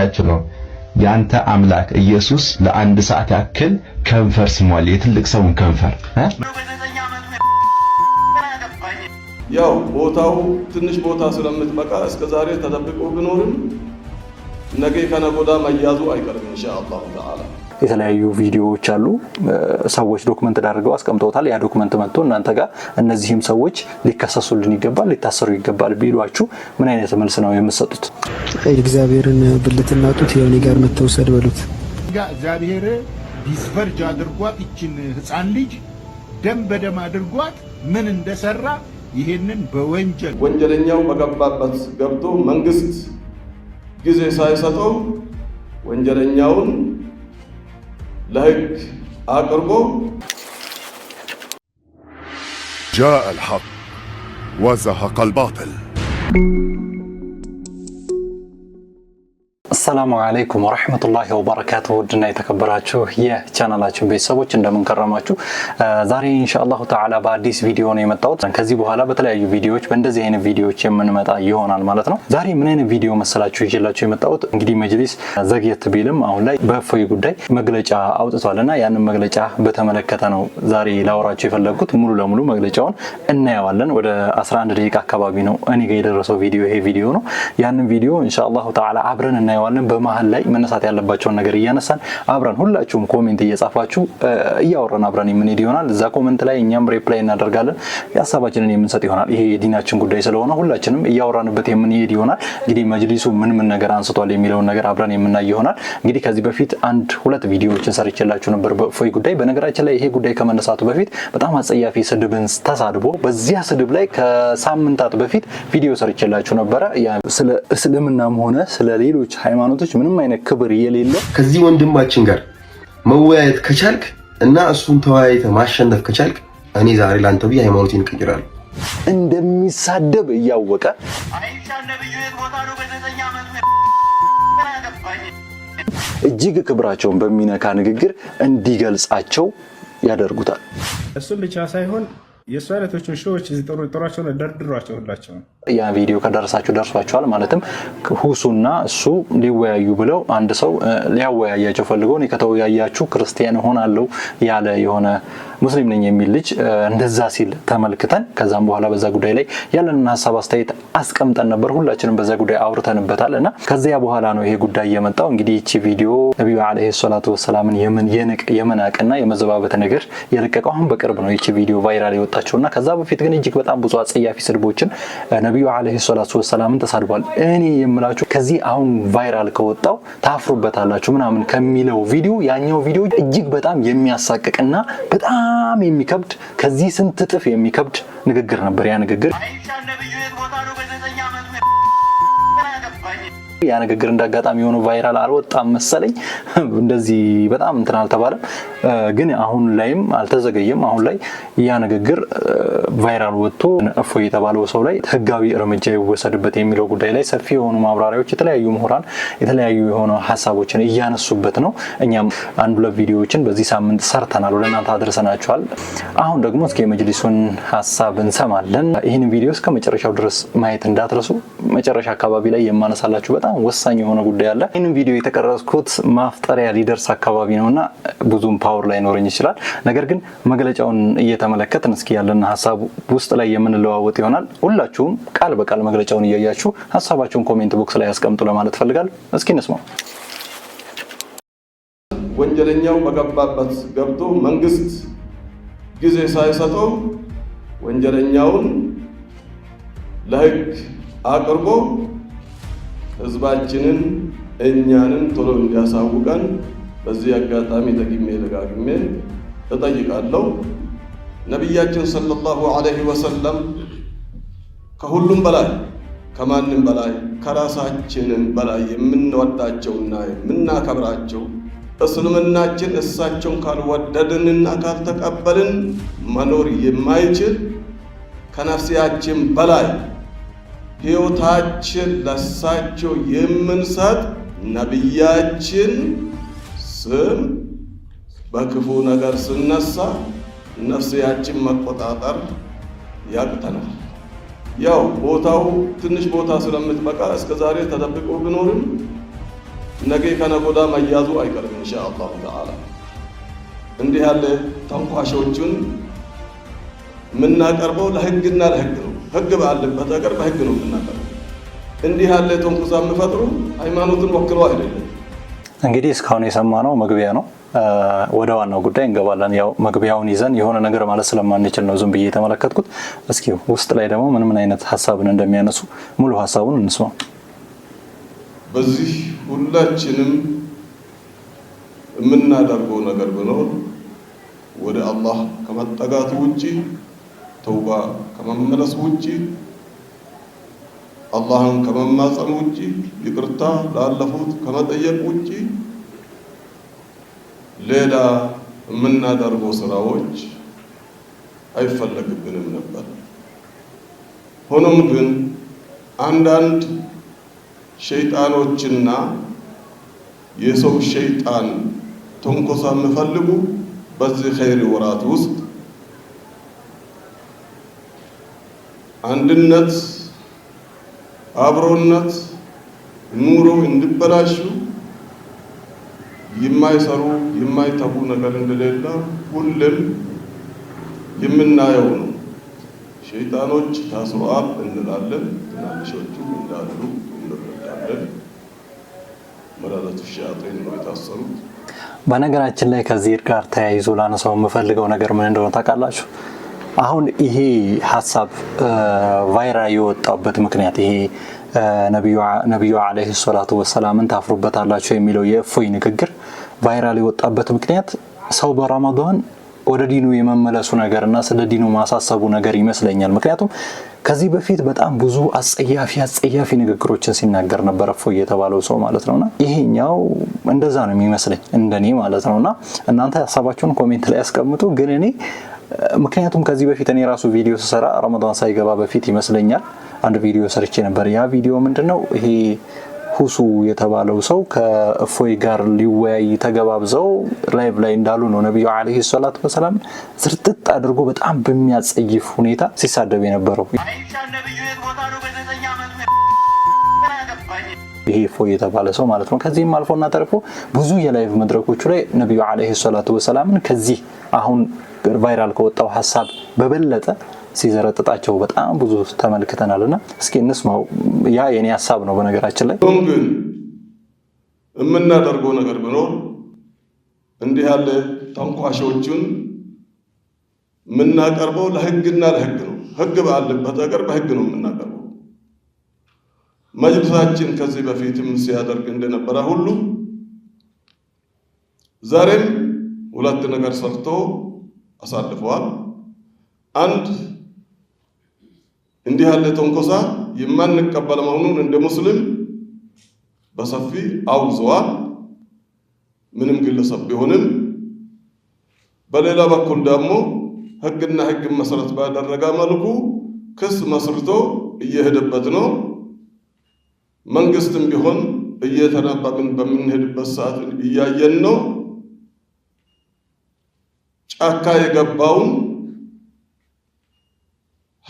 ያችል ነው። ያንተ አምላክ ኢየሱስ ለአንድ ሰዓት ያክል ከንፈር ስሟል፣ የትልቅ ሰውን ከንፈር። ያው ቦታው ትንሽ ቦታ ስለምትበቃ እስከዛሬ ተደብቆ ቢኖርም ነገ ከነጎዳ መያዙ አይቀርም ኢንሻአላሁ ተዓላ። የተለያዩ ቪዲዮዎች አሉ። ሰዎች ዶክመንት ዳርገው አስቀምጠውታል። ያ ዶክመንት መጥቶ እናንተ ጋር እነዚህም ሰዎች ሊከሰሱልን ይገባል፣ ሊታሰሩ ይገባል ቢሏችሁ ምን አይነት መልስ ነው የምትሰጡት? እግዚአብሔርን ብልትና ጡት የሆኔ ጋር መተውሰድ በሉት። እግዚአብሔር ዲስፈርጅ አድርጓት ይችን ህፃን ልጅ ደም በደም አድርጓት ምን እንደሰራ ይህንን በወንጀል ወንጀለኛው በገባበት ገብቶ መንግስት ጊዜ ሳይሰጠው ወንጀለኛውን لهيك አቅርቦ جاء الحق وزهق الباطل አሰላሙ አለይኩም ወረህመቱላሂ ወበረካቱ። ውድና የተከበራችሁ የቻናላችን ቤተሰቦች እንደምንከረማችሁ፣ ዛሬ ኢንሻአላሁ ተዓላ በአዲስ ቪዲዮ ነው የመጣሁት። ከዚህ በኋላ በተለያዩ ቪዲዮዎች በእንደዚህ አይነት ቪዲዮዎች የምንመጣ ይሆናል ማለት ነው። ዛሬ ምን አይነት ቪዲዮ መሰላችሁ ይዤላችሁ የመጣሁት? እንግዲህ መጅሊስ ዘግየት ቢልም አሁን ላይ በእፎይ ጉዳይ መግለጫ አውጥቷል እና ያንን መግለጫ በተመለከተ ነው ዛሬ ላወራችሁ የፈለግኩት። ሙሉ ለሙሉ መግለጫውን እናየዋለን። ወደ 11 ደቂቃ አካባቢ ነው እኔ ጋር የደረሰው ቪዲዮ ይሄ ቪዲዮ ነው። ያንን ቪዲዮ ኢንሻአላሁ ተዓላ አብረን እናየዋለን። አሁንም በመሀል ላይ መነሳት ያለባቸውን ነገር እያነሳን አብረን ሁላችሁም ኮሜንት እየጻፋችሁ እያወራን አብረን የምንሄድ ይሆናል። እዛ ኮሜንት ላይ እኛም ሪፕላይ እናደርጋለን፣ ሀሳባችንን የምንሰጥ ይሆናል። ይሄ የዲናችን ጉዳይ ስለሆነ ሁላችንም እያወራንበት የምንሄድ ይሆናል። እንግዲህ መጅሊሱ ምን ምን ነገር አንስቷል የሚለውን ነገር አብረን የምናይ ይሆናል። እንግዲህ ከዚህ በፊት አንድ ሁለት ቪዲዮዎችን ሰርቼላችሁ ነበር በእፎይ ጉዳይ። በነገራችን ላይ ይሄ ጉዳይ ከመነሳቱ በፊት በጣም አጸያፊ ስድብን ተሳድቦ በዚያ ስድብ ላይ ከሳምንታት በፊት ቪዲዮ ሰርቼላችሁ ነበረ ስለ እስልምናም ሆነ ስለ ሌሎች ሃይማኖት ሃይማኖቶች ምንም አይነት ክብር የሌለው ከዚህ ወንድማችን ጋር መወያየት ከቻልክ እና እሱን ተወያይተ ማሸነፍ ከቻልክ እኔ ዛሬ ለአንተ ብዬ ሃይማኖቴን ቀይራል። እንደሚሳደብ እያወቀ እጅግ ክብራቸውን በሚነካ ንግግር እንዲገልጻቸው ያደርጉታል። እሱን ብቻ ሳይሆን የእሱ አይነቶችን ሾዎች ጥሯቸውን ደርድሯቸው ሁላቸው ያ ቪዲዮ ከደረሳችሁ ደርሷቸዋል። ማለትም ሁሱና እሱ ሊወያዩ ብለው አንድ ሰው ሊያወያያቸው ፈልገው ከተወያያችሁ ክርስቲያን እሆናለሁ ያለ የሆነ ሙስሊም ነኝ የሚል ልጅ እንደዛ ሲል ተመልክተን ከዛም በኋላ በዛ ጉዳይ ላይ ያለንን ሀሳብ አስተያየት አስቀምጠን ነበር። ሁላችንም በዛ ጉዳይ አውርተንበታል እና ከዚያ በኋላ ነው ይሄ ጉዳይ የመጣው። እንግዲህ ይቺ ቪዲዮ ነቢዩ ዓለይሂ ሰላቱ ወሰላምን የመናቅና የመዘባበት ነገር የለቀቀው አሁን በቅርብ ነው ይቺ ቪዲዮ ቫይራል የወጣቸው እና ከዛ በፊት ግን እጅግ በጣም ብዙ አጸያፊ ስድቦችን ነቢዩ ዓለይሂ ሰላቱ ወሰላምን ተሳድቧል። እኔ የምላችሁ ከዚህ አሁን ቫይራል ከወጣው ታፍሩበታላችሁ ምናምን ከሚለው ቪዲዮ ያኛው ቪዲዮ እጅግ በጣም የሚያሳቅቅና በጣም በጣም የሚከብድ ከዚህ ስንት እጥፍ የሚከብድ ንግግር ነበር ያ ንግግር ያ ንግግር እንዳጋጣሚ የሆነ ቫይራል አልወጣም መሰለኝ። እንደዚህ በጣም እንትን አልተባለም፣ ግን አሁን ላይም አልተዘገየም። አሁን ላይ ያ ንግግር ቫይራል ወጥቶ እፎ የተባለው ሰው ላይ ህጋዊ እርምጃ ይወሰድበት የሚለው ጉዳይ ላይ ሰፊ የሆኑ ማብራሪያዎች የተለያዩ ምሁራን የተለያዩ የሆነ ሀሳቦችን እያነሱበት ነው። እኛም አንድ ሁለት ቪዲዮዎችን በዚህ ሳምንት ሰርተናል፣ ወደ እናንተ አድርሰናቸዋል። አሁን ደግሞ እስኪ የመጅሊሱን ሀሳብ እንሰማለን። ይህን ቪዲዮ እስከ መጨረሻው ድረስ ማየት እንዳትረሱ። መጨረሻ አካባቢ ላይ የማነሳላችሁ በጣም በጣም ወሳኝ የሆነ ጉዳይ አለ። ይህንን ቪዲዮ የተቀረጽኩት ማፍጠሪያ ሊደርስ አካባቢ ነው እና ብዙም ፓወር ላይኖረኝ ይችላል። ነገር ግን መግለጫውን እየተመለከትን እስኪ ያለን ሀሳብ ውስጥ ላይ የምንለዋወጥ ይሆናል። ሁላችሁም ቃል በቃል መግለጫውን እያያችሁ ሀሳባችሁን ኮሜንት ቦክስ ላይ ያስቀምጡ ለማለት ፈልጋለሁ። እስኪ እንስማው። ወንጀለኛው በገባበት ገብቶ መንግስት ጊዜ ሳይሰጠው ወንጀለኛውን ለህግ አቅርቦ ህዝባችንን እኛንም ቶሎ እንዲያሳውቀን በዚህ አጋጣሚ ደግሜ ደጋግሜ እጠይቃለሁ። ነቢያችን ሰለላሁ ዐለይሂ ወሰለም ከሁሉም በላይ ከማንም በላይ ከራሳችንም በላይ የምንወዳቸውና የምናከብራቸው እስልምናችን እሳቸውን ካልወደድንና ካልተቀበልን መኖር የማይችል ከነፍሲያችን በላይ ሕይወታችን ለሳቸው የምንሰጥ ነቢያችን ስም በክፉ ነገር ስነሳ ነፍስያችን መቆጣጠር ያቅተናል። ያው ቦታው ትንሽ ቦታ ስለምትበቃ እስከ ዛሬ ተጠብቆ ብኖርም ነገ ከነጎዳ መያዙ አይቀርም አላሁ ተዓላ። እንዲህ ያለ ተንኳሾቹን የምናቀርበው ለህግና ለህግ ነው። ህግ ባለበት ሀገር በህግ ነው የምናቀርበው። እንዲህ ያለ ተንኩሳ የምፈጥሩ ሃይማኖትን ወክሎ አይደለም። እንግዲህ እስካሁን የሰማነው መግቢያ ነው። ወደ ዋናው ጉዳይ እንገባለን። ያው መግቢያውን ይዘን የሆነ ነገር ማለት ስለማንችል ነው ዝም ብዬ የተመለከትኩት። እስኪ ውስጥ ላይ ደግሞ ምን ምን አይነት ሀሳብን እንደሚያነሱ ሙሉ ሀሳቡን እንስማ። በዚህ ሁላችንም የምናደርገው ነገር ብኖር ወደ አላህ ከመጠጋቱ ውጭ ተውባ ከመመለስ ውጪ አላህን ከመማጸን ውጪ ይቅርታ ላለፉት ከመጠየቅ ውጪ ሌላ የምናደርገው ስራዎች አይፈለግብንም ነበር። ሆኖም ግን አንዳንድ ሸይጣኖችና የሰው ሸይጣን ተንኮሳ የሚፈልጉ በዚህ ኸይር ወራት ውስጥ አንድነት፣ አብሮነት ኑሮ እንዲበላሹ የማይሰሩ የማይተቡ ነገር እንደሌለ ሁሉም የምናየው ነው። ሸይጣኖች ታስረዋል እንላለን፣ ትናንሾቹ እንዳሉ እንረዳለን። መላላቱ ሸያጤን ነው የታሰሩት። በነገራችን ላይ ከዚህ ጋር ተያይዞ ላነሳው የምፈልገው ነገር ምን እንደሆነ ታውቃላችሁ? አሁን ይሄ ሀሳብ ቫይራ የወጣበት ምክንያት ይሄ ነቢዩ አለህ ሰላቱ ወሰላምን ታፍሩበታላቸው የሚለው የእፎይ ንግግር ቫይራል የወጣበት ምክንያት ሰው በረመዷን ወደ ዲኑ የመመለሱ ነገር እና ስለ ዲኑ ማሳሰቡ ነገር ይመስለኛል። ምክንያቱም ከዚህ በፊት በጣም ብዙ አጸያፊ አጸያፊ ንግግሮችን ሲናገር ነበር እፎይ የተባለው ሰው ማለት ነውና ይሄኛው እንደዛ ነው የሚመስለኝ እንደኔ ማለት ነውና እናንተ ሀሳባችሁን ኮሜንት ላይ ያስቀምጡ። ግን እኔ ምክንያቱም ከዚህ በፊት እኔ ራሱ ቪዲዮ ስሰራ ረመዳን ሳይገባ በፊት ይመስለኛል አንድ ቪዲዮ ሰርቼ ነበር። ያ ቪዲዮ ምንድን ነው ይሄ ሁሱ የተባለው ሰው ከእፎይ ጋር ሊወያይ ተገባብዘው ላይቭ ላይ እንዳሉ ነው ነቢዩ ዓለይሂ ሰላቱ ወሰላም ዝርጥጥ አድርጎ በጣም በሚያጸይፍ ሁኔታ ሲሳደብ የነበረው ይሄ እፎይ የተባለ ሰው ማለት ነው። ከዚህም አልፎና ተርፎ ብዙ የላይቭ መድረኮቹ ላይ ነቢዩ ዓለይሂ ሰላቱ ወሰላምን ከዚህ አሁን ቫይራል ከወጣው ሀሳብ በበለጠ ሲዘረጥጣቸው በጣም ብዙ ተመልክተናል እና እስኪ እንስማው። ያ የኔ ሀሳብ ነው። በነገራችን ላይ ግን የምናደርገው ነገር ብኖር እንዲህ ያለ ተንኳሾቹን የምናቀርበው ለህግና ለህግ ነው። ህግ ባለበት ነገር በህግ ነው የምናቀርበው መጅልሳችን ከዚህ በፊትም ሲያደርግ እንደነበረ ሁሉ ዛሬም ሁለት ነገር ሰርቶ አሳልፈዋል። አንድ እንዲህ ያለ ተንኮሳ የማንቀበል መሆኑን እንደ ሙስሊም በሰፊ አውግዘዋል። ምንም ግለሰብ ቢሆንም በሌላ በኩል ደግሞ ህግና ህግን መሰረት ባደረገ መልኩ ክስ መስርቶ እየሄደበት ነው። መንግስትም ቢሆን እየተናባብን በምንሄድበት ሰዓት እያየን ነው። ጫካ የገባውን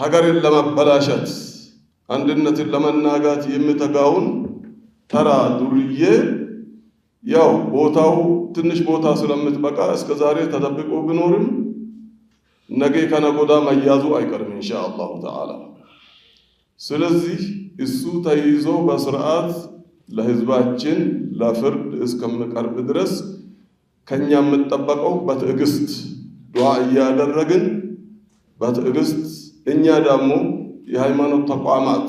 ሀገርን ለማበላሸት አንድነትን ለመናጋት የሚተጋውን ተራ ዱርዬ ያው ቦታው ትንሽ ቦታ ስለምትበቃ እስከ ዛሬ ተጠብቆ ቢኖርም ነገ ከነጎዳ መያዙ አይቀርም ኢንሻአላሁ ተዓላ። ስለዚህ እሱ ተይዞ በስርዓት ለህዝባችን ለፍርድ እስከምቀርብ ድረስ ከኛ የምጠበቀው በትዕግስት ዱዓ እያደረግን በትዕግስት እኛ ደግሞ የሃይማኖት ተቋማት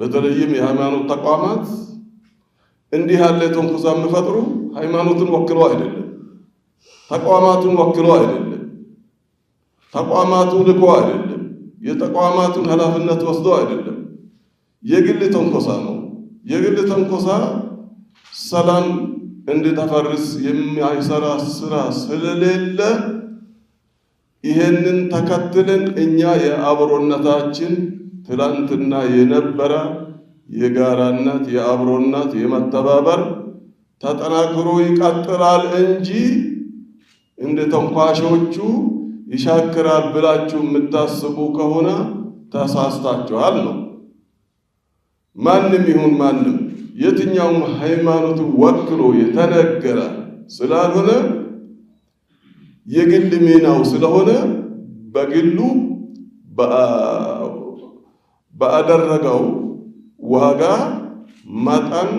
በተለይም የሃይማኖት ተቋማት እንዲህ ያለ ትንኮሳ የሚፈጥሩ ሃይማኖትን ወክሎ አይደለም፣ ተቋማቱን ወክሎ አይደለም፣ ተቋማቱ ልኮ አይደለም፣ የተቋማቱን ኃላፊነት ወስዶ አይደለም የግል ተንኮሳ ነው። የግል ተንኮሳ ሰላም እንድታፈርስ የሚሰራ ስራ ስለሌለ ይሄንን ተከትለን እኛ የአብሮነታችን ትላንትና የነበረ የጋራነት የአብሮነት የመተባበር ተጠናክሮ ይቀጥላል እንጂ እንደ ተንኳሾቹ ይሻክራል ብላችሁ የምታስቡ ከሆነ ተሳስታችኋል ነው። ማንም ይሁን ማንም የትኛውም ሃይማኖት ወክሎ የተነገረ ስላልሆነ የግል ሚናው ስለሆነ በግሉ ባደረገው ዋጋ መጠን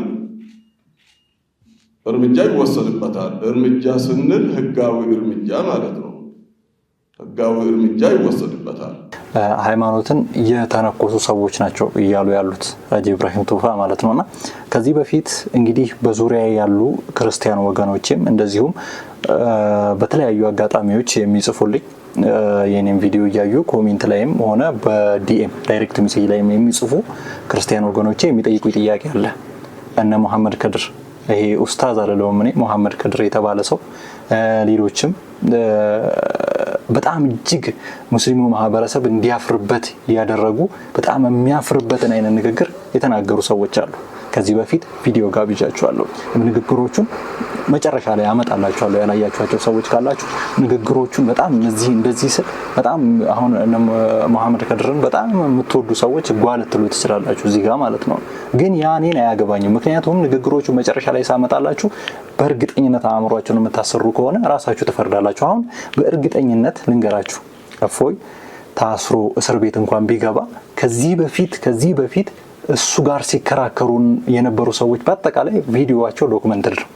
እርምጃ ይወሰድበታል። እርምጃ ስንል ህጋዊ እርምጃ ማለት ነው። ህጋዊ እርምጃ ይወሰድበታል። ሃይማኖትን የተነኮሱ ሰዎች ናቸው እያሉ ያሉት ሀጂ ኢብራሂም ቱፋ ማለት ነው። እና ከዚህ በፊት እንግዲህ በዙሪያ ያሉ ክርስቲያን ወገኖችም እንደዚሁም በተለያዩ አጋጣሚዎች የሚጽፉልኝ የኔም ቪዲዮ እያዩ ኮሜንት ላይም ሆነ በዲኤም ዳይሬክት ሜሴጅ ላይም የሚጽፉ ክርስቲያን ወገኖቼ የሚጠይቁ ጥያቄ አለ። እነ ሙሐመድ ከድር ይሄ ኡስታዝ አልለውም እኔ መሐመድ ከድር የተባለ ሰው ሌሎችም በጣም እጅግ ሙስሊሙ ማህበረሰብ እንዲያፍርበት ያደረጉ በጣም የሚያፍርበትን አይነት ንግግር የተናገሩ ሰዎች አሉ። ከዚህ በፊት ቪዲዮ ጋብዣችኋለሁ። ንግግሮቹን መጨረሻ ላይ ያመጣላችኋለሁ። ያላያችኋቸው ሰዎች ካላችሁ ንግግሮቹን በጣም እዚህ እንደዚህ ስል በጣም አሁን መሐመድ ከድርን በጣም የምትወዱ ሰዎች ጓል ትሉ ትችላላችሁ እዚህ ጋር ማለት ነው። ግን ያኔን አያገባኝም። ምክንያቱም ንግግሮቹ መጨረሻ ላይ ሳመጣላችሁ በእርግጠኝነት አእምሯችሁን የምታሰሩ ከሆነ ራሳችሁ ትፈርዳላችሁ። አሁን በእርግጠኝነት ልንገራችሁ እፎይ ታስሮ እስር ቤት እንኳን ቢገባ ከዚህ በፊት ከዚህ በፊት እሱ ጋር ሲከራከሩን የነበሩ ሰዎች በአጠቃላይ ቪዲዮቸው ዶክመንትድ ነው።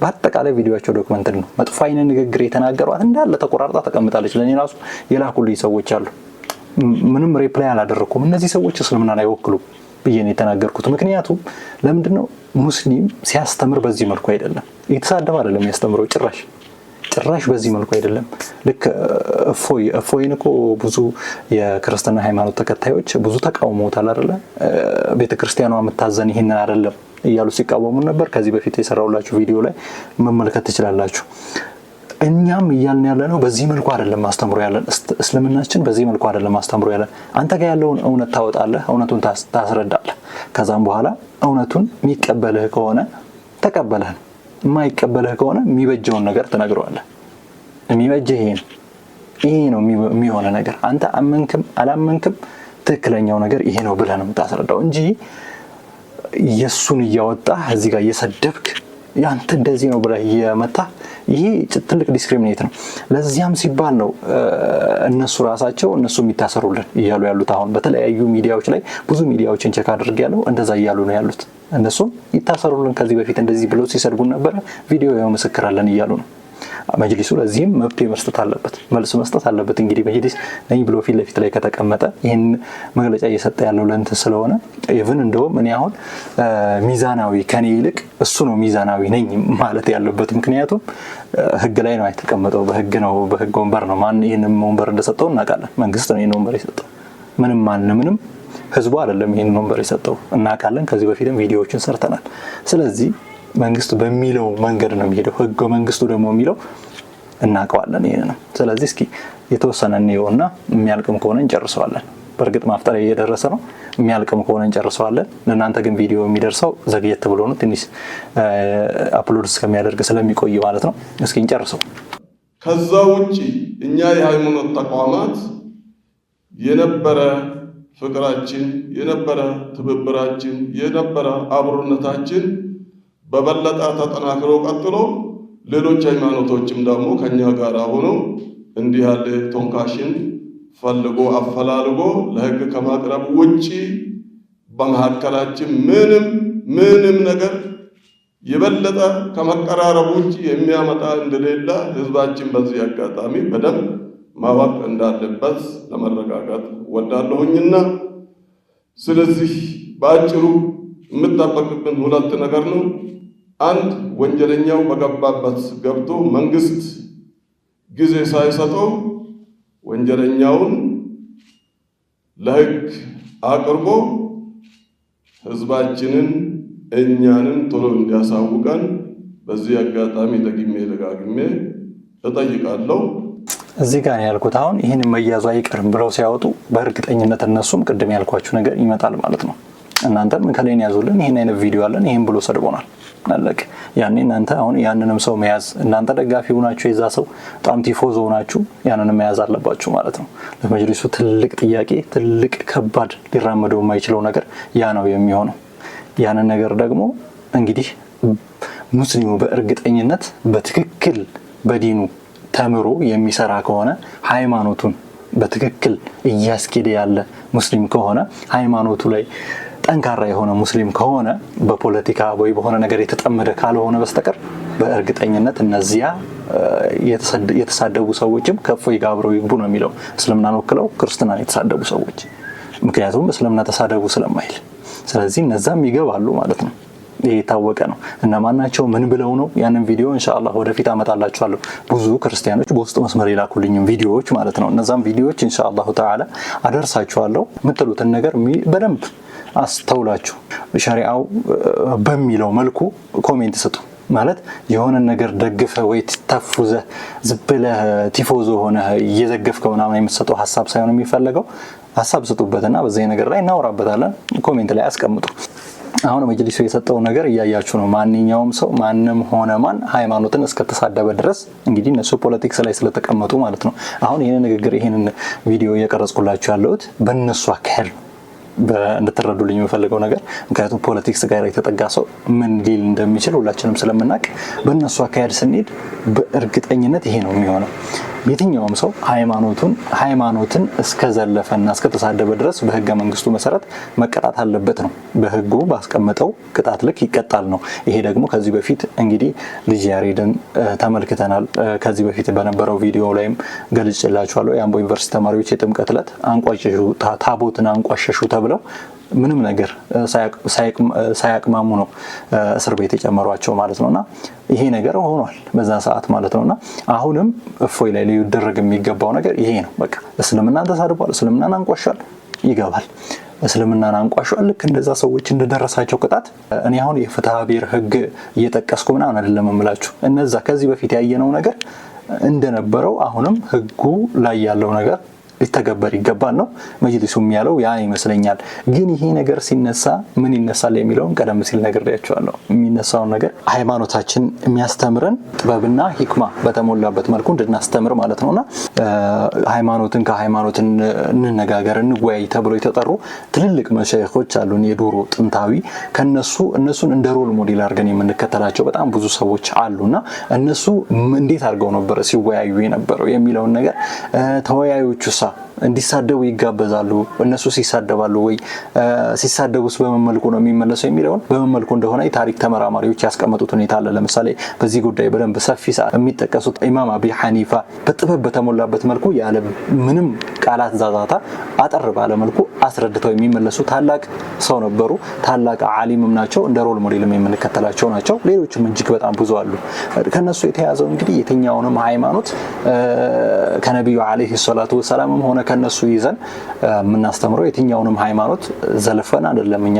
በአጠቃላይ ቪዲዮቸው ዶክመንትድ ነው። መጥፎ ንግግር የተናገሯት እንዳለ ተቆራርጣ ተቀምጣለች። ለእኔ ራሱ የላኩልኝ ሰዎች አሉ። ምንም ሪፕላይ አላደረግኩም። እነዚህ ሰዎች እስልምናን አይወክሉም ብዬ ነው የተናገርኩት። ምክንያቱም ለምንድነው ሙስሊም ሲያስተምር በዚህ መልኩ አይደለም፣ የተሳደብ አይደለም የሚያስተምረው ጭራሽ ጭራሽ በዚህ መልኩ አይደለም። ልክ እፎይ እፎይን እኮ ብዙ የክርስትና ሃይማኖት ተከታዮች ብዙ ተቃውሞታል አይደለ? ቤተ ክርስቲያኗ የምታዘን ይህንን አይደለም እያሉ ሲቃወሙ ነበር። ከዚህ በፊት የሰራውላችሁ ቪዲዮ ላይ መመልከት ትችላላችሁ። እኛም እያልን ያለ ነው በዚህ መልኩ አይደለም አስተምሮ ያለን እስልምናችን በዚህ መልኩ አይደለም አስተምሮ ያለን። አንተ ጋር ያለውን እውነት ታወጣለህ፣ እውነቱን ታስረዳለህ። ከዛም በኋላ እውነቱን የሚቀበልህ ከሆነ ተቀበለህ ነው የማይቀበልህ ከሆነ የሚበጀውን ነገር ትነግረዋለህ። የሚበጀ ይሄ ነው፣ ይሄ ነው የሚሆነ ነገር አንተ አመንክም አላመንክም ትክክለኛው ነገር ይሄ ነው ብለህ ነው የምታስረዳው እንጂ የእሱን እያወጣህ እዚህ ጋር እየሰደብክ ያንተ እንደዚህ ነው ብለህ እየመታ ይሄ ትልቅ ዲስክሪሚኔት ነው። ለዚያም ሲባል ነው እነሱ ራሳቸው እነሱ የሚታሰሩልን እያሉ ያሉት። አሁን በተለያዩ ሚዲያዎች ላይ ብዙ ሚዲያዎችን ቸክ አድርግ ያለው እንደዛ እያሉ ነው ያሉት። እነሱም ይታሰሩልን ከዚህ በፊት እንደዚህ ብለው ሲሰድቡን ነበረ፣ ቪዲዮ አለን እያሉ ነው። መጅሊሱ ለዚህም መብት መስጠት አለበት፣ መልስ መስጠት አለበት። እንግዲህ መጅሊስ ነኝ ብሎ ፊት ለፊት ላይ ከተቀመጠ ይህን መግለጫ እየሰጠ ያለው ለእንትን ስለሆነ ኢቭን እንደውም እኔ አሁን ሚዛናዊ ከኔ ይልቅ እሱ ነው ሚዛናዊ ነኝ ማለት ያለበት። ምክንያቱም ህግ ላይ ነው የተቀመጠው፣ በህግ ነው በህግ ወንበር ነው። ማን ይህንን ወንበር እንደሰጠው እናውቃለን። መንግስት ነው ይህን ወንበር የሰጠው፣ ምንም ማን ምንም ህዝቡ አይደለም ይህን ወንበር የሰጠው እናውቃለን። ከዚህ በፊትም ቪዲዮዎችን ሰርተናል። ስለዚህ መንግስት በሚለው መንገድ ነው የሚሄደው። ህገ መንግስቱ ደግሞ የሚለው እናውቀዋለን ይህ ነው። ስለዚህ እስኪ የተወሰነ እንየውና የሚያልቅም ከሆነ እንጨርሰዋለን። በእርግጥ ማፍጠሪያ እየደረሰ ነው። የሚያልቅም ከሆነ እንጨርሰዋለን። ለእናንተ ግን ቪዲዮ የሚደርሰው ዘግየት ብሎ ነው፣ ትንሽ አፕሎድ እስከሚያደርግ ስለሚቆይ ማለት ነው። እስኪ እንጨርሰው። ከዛ ውጭ እኛ የሃይማኖት ተቋማት የነበረ ፍቅራችን፣ የነበረ ትብብራችን፣ የነበረ አብሮነታችን በበለጠ ተጠናክሮ ቀጥሎ ሌሎች ሃይማኖቶችም ደግሞ ከኛ ጋር ሆኖ እንዲህ ያለ ቶንካሽን ፈልጎ አፈላልጎ ለህግ ከማቅረብ ውጪ በመካከላችን ምንም ምንም ነገር የበለጠ ከመቀራረብ ውጪ የሚያመጣ እንደሌለ ህዝባችን በዚህ አጋጣሚ በደንብ ማወቅ እንዳለበት ለመረጋጋት ወዳለሁኝና ስለዚህ በአጭሩ የምጠበቅብን ሁለት ነገር ነው። አንድ ወንጀለኛው በገባበት ገብቶ መንግስት ጊዜ ሳይሰጠው ወንጀለኛውን ለህግ አቅርቦ ህዝባችንን እኛንን ቶሎ እንዲያሳውቀን በዚህ አጋጣሚ ደግሜ ደጋግሜ እጠይቃለሁ። እዚህ ጋር ያልኩት አሁን ይህን መያዙ አይቀርም ብለው ሲያወጡ በእርግጠኝነት እነሱም ቅድም ያልኳችሁ ነገር ይመጣል ማለት ነው። እናንተም ከላይን ያዙልን፣ ይህን አይነት ቪዲዮ አለን፣ ይህን ብሎ ሰድቦናል አለቅ ያኔ እናንተ አሁን ያንንም ሰው መያዝ እናንተ ደጋፊ ሆናችሁ የዛ ሰው በጣም ቲፎዞ ሆናችሁ ያንንም መያዝ አለባችሁ ማለት ነው። ለመጅሊሱ ትልቅ ጥያቄ፣ ትልቅ ከባድ ሊራመደው የማይችለው ነገር ያ ነው የሚሆነው። ያንን ነገር ደግሞ እንግዲህ ሙስሊሙ በእርግጠኝነት በትክክል በዲኑ ተምሮ የሚሰራ ከሆነ ሃይማኖቱን በትክክል እያስኬደ ያለ ሙስሊም ከሆነ ሃይማኖቱ ላይ ጠንካራ የሆነ ሙስሊም ከሆነ በፖለቲካ ወይ በሆነ ነገር የተጠመደ ካልሆነ በስተቀር በእርግጠኝነት እነዚያ የተሳደቡ ሰዎችም ከእፎይ ጋር አብረው ይግቡ ነው የሚለው እስልምናን ወክለው ክርስትናን የተሳደቡ ሰዎች። ምክንያቱም እስልምና ተሳደቡ ስለማይል፣ ስለዚህ እነዛም ይገባሉ ማለት ነው። ይሄ የታወቀ ነው። እና ማናቸው ምን ብለው ነው? ያንን ቪዲዮ እንሻላ ወደፊት አመጣላችኋለሁ። ብዙ ክርስቲያኖች በውስጥ መስመር የላኩልኝም ቪዲዮዎች ማለት ነው። እነዛም ቪዲዮዎች ኢንሻአላሁ ተዓላ አደርሳችኋለሁ። የምትሉትን ነገር በደንብ አስተውላችሁ ሸሪአው በሚለው መልኩ ኮሜንት ስጡ። ማለት የሆነ ነገር ደግፈ ወይ ተፉዘ ዝብለ ቲፎዞ ሆነ እየዘገፍከው ምናምን የምትሰጠው ሀሳብ ሳይሆን የሚፈለገው ሀሳብ ስጡበትና በዚህ ነገር ላይ እናወራበታለን። ኮሜንት ላይ አስቀምጡ። አሁን መጅሊሱ የሰጠው ነገር እያያችሁ ነው። ማንኛውም ሰው ማንም ሆነ ማን ሃይማኖትን እስከተሳደበ ድረስ እንግዲህ እነሱ ፖለቲክስ ላይ ስለተቀመጡ ማለት ነው። አሁን ይህንን ንግግር ይህንን ቪዲዮ እየቀረጽኩላችሁ ያለሁት በእነሱ አካሄድ ነው። እንድትረዱልኝ የምፈልገው ነገር ምክንያቱም ፖለቲክስ ጋር የተጠጋ ሰው ምን ሊል እንደሚችል ሁላችንም ስለምናውቅ በእነሱ አካሄድ ስንሄድ በእርግጠኝነት ይሄ ነው የሚሆነው። የትኛውም ሰው ሃይማኖቱን ሃይማኖትን እስከ እስከተሳደበ ድረስ በህገ መንግስቱ መሰረት መቀጣት አለበት ነው። በህጉ ባስቀመጠው ቅጣት ልክ ይቀጣል ነው። ይሄ ደግሞ ከዚህ በፊት እንግዲህ ልጅ ያሬድን ተመልክተናል። ከዚህ በፊት በነበረው ቪዲዮ ላይም ገልጭላችኋለሁ። የአምቦ ዩኒቨርሲቲ ተማሪዎች የጥምቀት ዕለት አንቋሸሹ ታቦትን አንቋሸሹ ተብለው ምንም ነገር ሳያቅማሙ ነው እስር ቤት የጨመሯቸው ማለት ነው እና ይሄ ነገር ሆኗል በዛ ሰዓት ማለት ነው እና አሁንም እፎይ ላይ ሊደረግ የሚገባው ነገር ይሄ ነው። በቃ እስልምናን ተሳድቧል፣ እስልምናን አንቋሿል፣ ይገባል እስልምናን አንቋሿል። ልክ እንደዛ ሰዎች እንደደረሳቸው ቅጣት እኔ አሁን የፍትሐ ብሔር ሕግ እየጠቀስኩ ምናምን አይደለም እምላችሁ እነዛ ከዚህ በፊት ያየነው ነገር እንደነበረው አሁንም ሕጉ ላይ ያለው ነገር ሊተገበር ይገባል ነው መጅሊሱም ያለው ያ ይመስለኛል። ግን ይሄ ነገር ሲነሳ ምን ይነሳል የሚለውን ቀደም ሲል ነግሬያቸዋለሁ። የሚነሳውን ነገር ሃይማኖታችን የሚያስተምረን ጥበብና ሂክማ በተሞላበት መልኩ እንድናስተምር ማለት ነውና ሃይማኖትን ከሃይማኖት እንነጋገር እንወያይ ተብሎ የተጠሩ ትልልቅ መሸይኮች አሉን፣ የዱሮ ጥንታዊ ከነሱ እነሱን እንደ ሮል ሞዴል አድርገን የምንከተላቸው በጣም ብዙ ሰዎች አሉና እነሱ እንዴት አድርገው ነበር ሲወያዩ የነበረው የሚለውን ነገር ተወያዮቹ ሳ እንዲሳደቡ ይጋበዛሉ። እነሱ ሲሳደባሉ ወይ ሲሳደቡስ በምን መልኩ ነው የሚመለሰው የሚለውን በምን መልኩ እንደሆነ የታሪክ ተመራማሪዎች ያስቀመጡት ሁኔታ አለ። ለምሳሌ በዚህ ጉዳይ በደንብ ሰፊ ሰዓት የሚጠቀሱት ኢማም አቢ ሐኒፋ በጥበብ በተሞላበት መልኩ ያለ ምንም ቃላት ዛዛታ አጠር ባለ መልኩ አስረድተው የሚመለሱ ታላቅ ሰው ነበሩ። ታላቅ አሊምም ናቸው። እንደ ሮል ሞዴልም የምንከተላቸው ናቸው። ሌሎችም እጅግ በጣም ብዙ አሉ። ከነሱ የተያዘው እንግዲህ የትኛውንም ሃይማኖት ከነቢዩ ዓለይሂ ሰላቱ ወሰላምም ሆነ ከነሱ ይዘን የምናስተምረው የትኛውንም ሃይማኖት ዘልፈን አይደለም እኛ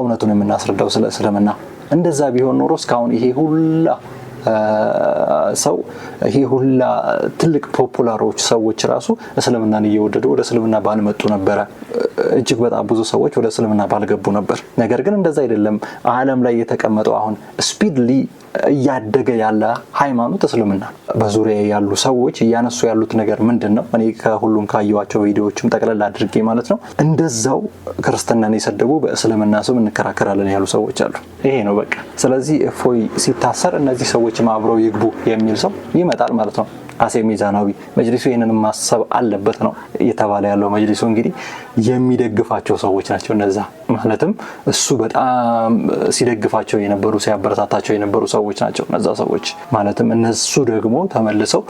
እውነቱን የምናስረዳው ስለ እስልምና። እንደዛ ቢሆን ኖሮ እስካሁን ይሄ ሁላ ሰው ይሄ ሁላ ትልቅ ፖፑላሮች ሰዎች ራሱ እስልምናን እየወደዱ ወደ እስልምና ባልመጡ ነበረ። እጅግ በጣም ብዙ ሰዎች ወደ እስልምና ባልገቡ ነበር። ነገር ግን እንደዛ አይደለም። ዓለም ላይ የተቀመጠው አሁን ስፒድሊ እያደገ ያለ ሃይማኖት እስልምና ነው። በዙሪያ ያሉ ሰዎች እያነሱ ያሉት ነገር ምንድን ነው? እኔ ከሁሉም ካየኋቸው ቪዲዮዎችም ጠቅለል አድርጌ ማለት ነው እንደዛው ክርስትናን የሰደቡ በእስልምና ስም እንከራከራለን ያሉ ሰዎች አሉ። ይሄ ነው በቃ። ስለዚህ እፎይ ሲታሰር እነዚህ ሰዎች ሰዎችም አብረው ይግቡ የሚል ሰው ይመጣል ማለት ነው። አሴ ሚዛናዊ መጅሊሱ ይህንን ማሰብ አለበት ነው እየተባለ ያለው። መጅሊሱ እንግዲህ የሚደግፋቸው ሰዎች ናቸው እነዛ። ማለትም እሱ በጣም ሲደግፋቸው የነበሩ ሲያበረታታቸው የነበሩ ሰዎች ናቸው እነዛ ሰዎች። ማለትም እነሱ ደግሞ ተመልሰው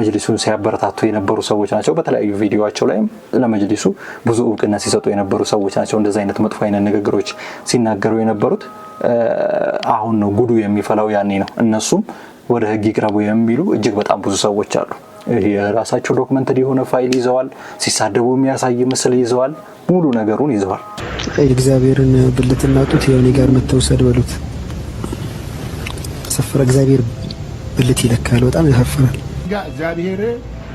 መጅሊሱን ሲያበረታቱ የነበሩ ሰዎች ናቸው። በተለያዩ ቪዲዮቸው ላይም ለመጅሊሱ ብዙ እውቅና ሲሰጡ የነበሩ ሰዎች ናቸው። እንደዚ አይነት መጥፎ አይነት ንግግሮች ሲናገሩ የነበሩት አሁን ነው ጉዱ የሚፈላው፣ ያኔ ነው እነሱም ወደ ህግ ይቅረቡ የሚሉ እጅግ በጣም ብዙ ሰዎች አሉ። የራሳቸው ዶክመንት የሆነ ፋይል ይዘዋል። ሲሳደቡ የሚያሳይ ምስል ይዘዋል። ሙሉ ነገሩን ይዘዋል። የእግዚአብሔርን ብልትና ጡት የኔ ጋር መተውሰድ በሉት ሰፈረ። እግዚአብሔር ብልት ይለካል። በጣም ያሳፍራል። እግዚአብሔር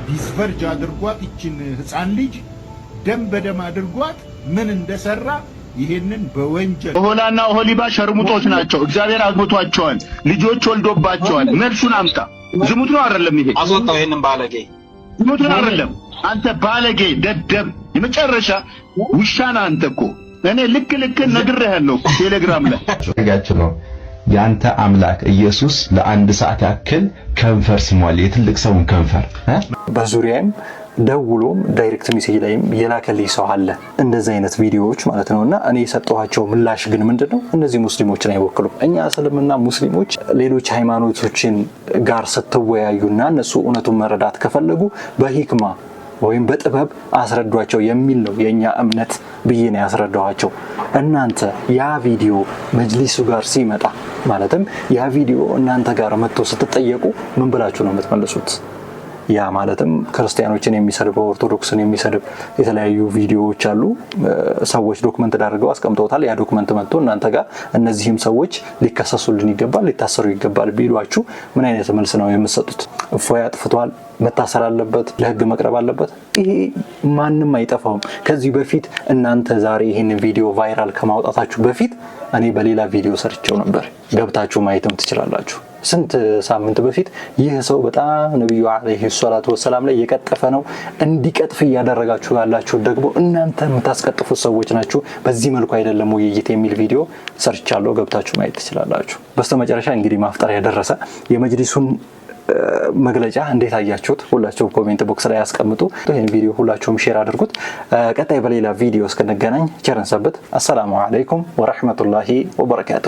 ዲስፈርጅ አድርጓት ይችን ህፃን ልጅ ደም በደም አድርጓት ምን እንደሰራ ይህንን በወንጀል ኦሆላና ኦሆሊባ ሸርሙጦች ናቸው። እግዚአብሔር አግብቷቸዋል፣ ልጆች ወልዶባቸዋል። መልሱን አምጣ። ዝሙት ነው አይደለም? ይሄ አስወጣው። ይሄንን ባለጌ ዝሙት ነው አይደለም? አንተ ባለጌ ደደብ፣ የመጨረሻ ውሻና አንተ እኮ እኔ ልክ ልክ ነግሬሃለሁ። ቴሌግራም ላይ ጋችሁ ነው ያንተ አምላክ ኢየሱስ ለአንድ ሰዓት ያክል ከንፈር ስሟል፣ የትልቅ ሰውን ከንፈር በዙሪያም ደውሎም ዳይሬክት ሜሴጅ ላይም የላከልኝ ሰው አለ። እንደዚህ አይነት ቪዲዮዎች ማለት ነው። እና እኔ የሰጠኋቸው ምላሽ ግን ምንድን ነው? እነዚህ ሙስሊሞችን አይወክሉም። እኛ እስልምና ሙስሊሞች ሌሎች ሃይማኖቶችን ጋር ስትወያዩና እነሱ እውነቱን መረዳት ከፈለጉ በሂክማ ወይም በጥበብ አስረዷቸው የሚል ነው የእኛ እምነት ብዬ ነው ያስረዳኋቸው። እናንተ ያ ቪዲዮ መጅሊሱ ጋር ሲመጣ ማለትም ያ ቪዲዮ እናንተ ጋር መጥቶ ስትጠየቁ ምን ብላችሁ ነው የምትመልሱት? ያ ማለትም ክርስቲያኖችን የሚሰድብ ኦርቶዶክስን የሚሰድብ የተለያዩ ቪዲዮዎች አሉ። ሰዎች ዶክመንት ዳርገው አስቀምጠውታል። ያ ዶክመንት መጥቶ እናንተ ጋር እነዚህም ሰዎች ሊከሰሱልን ይገባል፣ ሊታሰሩ ይገባል ቢሏችሁ ምን አይነት መልስ ነው የምትሰጡት? እፎይ አጥፍቷል፣ መታሰር አለበት፣ ለህግ መቅረብ አለበት። ይሄ ማንም አይጠፋውም። ከዚህ በፊት እናንተ ዛሬ ይህን ቪዲዮ ቫይራል ከማውጣታችሁ በፊት እኔ በሌላ ቪዲዮ ሰርቸው ነበር። ገብታችሁ ማየትም ትችላላችሁ። ስንት ሳምንት በፊት ይህ ሰው በጣም ነቢዩ ዓለይሂ ሰላቱ ወሰላም ላይ የቀጠፈ ነው፣ እንዲቀጥፍ እያደረጋችሁ ያላችሁ ደግሞ እናንተ የምታስቀጥፉት ሰዎች ናችሁ፣ በዚህ መልኩ አይደለም ውይይት የሚል ቪዲዮ ሰርቻለሁ። ገብታችሁ ማየት ትችላላችሁ። በስተመጨረሻ እንግዲህ ማፍጠሪያ ደረሰ። የመጅሊሱን መግለጫ እንዴት አያችሁት? ሁላችሁም ኮሜንት ቦክስ ላይ ያስቀምጡ። ይህን ቪዲዮ ሁላችሁም ሼር አድርጉት። ቀጣይ በሌላ ቪዲዮ እስክንገናኝ ቸርን ሰብት አሰላሙ አለይኩም ወረሕመቱላሂ ወበረካቱ።